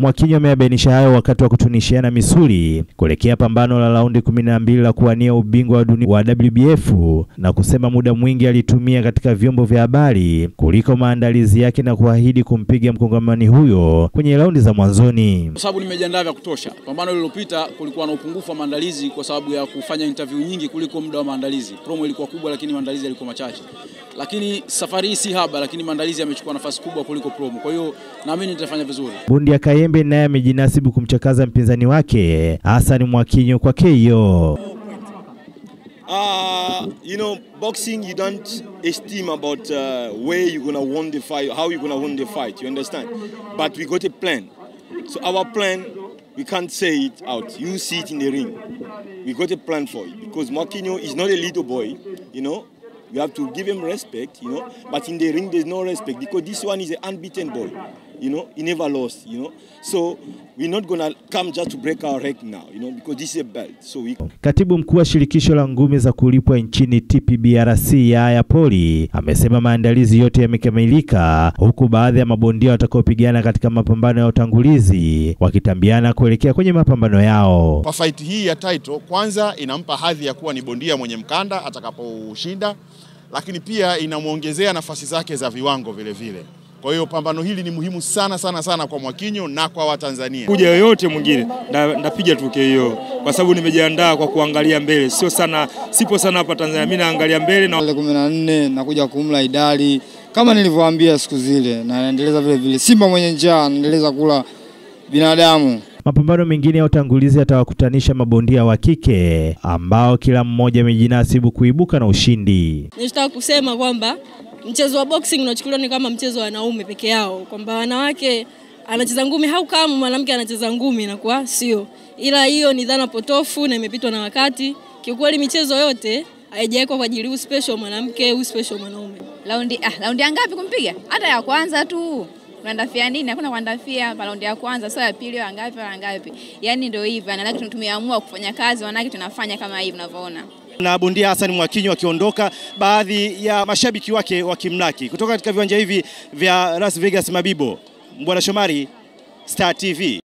Mwakinyo ameyabainisha hayo wakati wa kutunishiana misuli kuelekea pambano la raundi kumi na mbili la kuwania ubingwa wa dunia wa WBF na kusema muda mwingi alitumia katika vyombo vya habari kuliko maandalizi yake na kuahidi kumpiga mkongamani huyo kwenye raundi za mwanzoni. Kwa sababu nimejiandaa vya kutosha. Pambano lililopita kulikuwa na upungufu wa maandalizi kwa sababu ya kufanya interview nyingi kuliko muda wa maandalizi. Promo ilikuwa kubwa, lakini maandalizi yalikuwa machache. Lakini safari hii si haba, lakini maandalizi yamechukua nafasi kubwa kuliko promo. Kwa hiyo naamini nitafanya vizuri. Bundi ya Chembe naye amejinasibu kumchakaza mpinzani wake Hassan Mwakinyo kwa KO. Uh, ah, you know, boxing, you don't esteem about uh, where you're gonna win the fight, how you're gonna win the fight, you understand? But we got a plan. So our plan, we can't say it out. You see it in the ring. We got a plan for it because Mwakinyo is not a little boy, you know. You have to give him respect, you know. But in the ring, there's no respect because this one is an unbeaten boy you know, he never lost, you know. So we're not gonna come just to break our rank now, you know, because this is a belt. So we... Katibu mkuu wa shirikisho la ngumi za kulipwa nchini TPBRC Yahaya Poli amesema maandalizi yote yamekamilika, huku baadhi ya mabondia watakaopigana katika mapambano ya utangulizi wakitambiana kuelekea kwenye mapambano yao. Kwa fight hii ya title, kwanza inampa hadhi ya kuwa ni bondia mwenye mkanda atakapoushinda, lakini pia inamwongezea nafasi zake za viwango vile vile. Kwa hiyo pambano hili ni muhimu sana sana sana kwa Mwakinyo na kwa Watanzania. Kuja yoyote mwingine ndapiga na tu hiyo, kwa sababu nimejiandaa kwa kuangalia mbele, sio sana, sipo sana hapa Tanzania, mimi naangalia mbele na kumi na nne nakuja kumla idali kama nilivyoambia siku zile, na naendeleza vile vile. Simba mwenye njaa anaendeleza kula binadamu. Mapambano mengine ya utangulizi yatawakutanisha mabondia wa kike ambao kila mmoja amejinasibu kuibuka na ushindi. Nilitaka kusema kwamba mchezo wa boxing unachukuliwa ni kama mchezo wa wanaume peke yao, kwamba wanawake anacheza ngumi hau kama mwanamke anacheza ngumi inakuwa sio, ila hiyo ni dhana potofu na imepitwa na wakati. Kiukweli michezo yote haijawekwa kwa ajili special mwanamke au special mwanaume. Raundi ah, raundi ngapi kumpiga? Hata ya kwanza tu unaandafia nini? Hakuna kuandafia pa raundi ya kwanza, sio ya pili, ya ngapi, ya ngapi. Yaani ndio hivyo, na lakini tumeamua kufanya kazi, wanawake tunafanya kama hivi unavyoona na bondia Hassan Mwakinyo akiondoka, baadhi ya mashabiki wake wakimlaki. Kutoka katika viwanja hivi vya Las Vegas Mabibo, Mbwana Shomari, Star TV.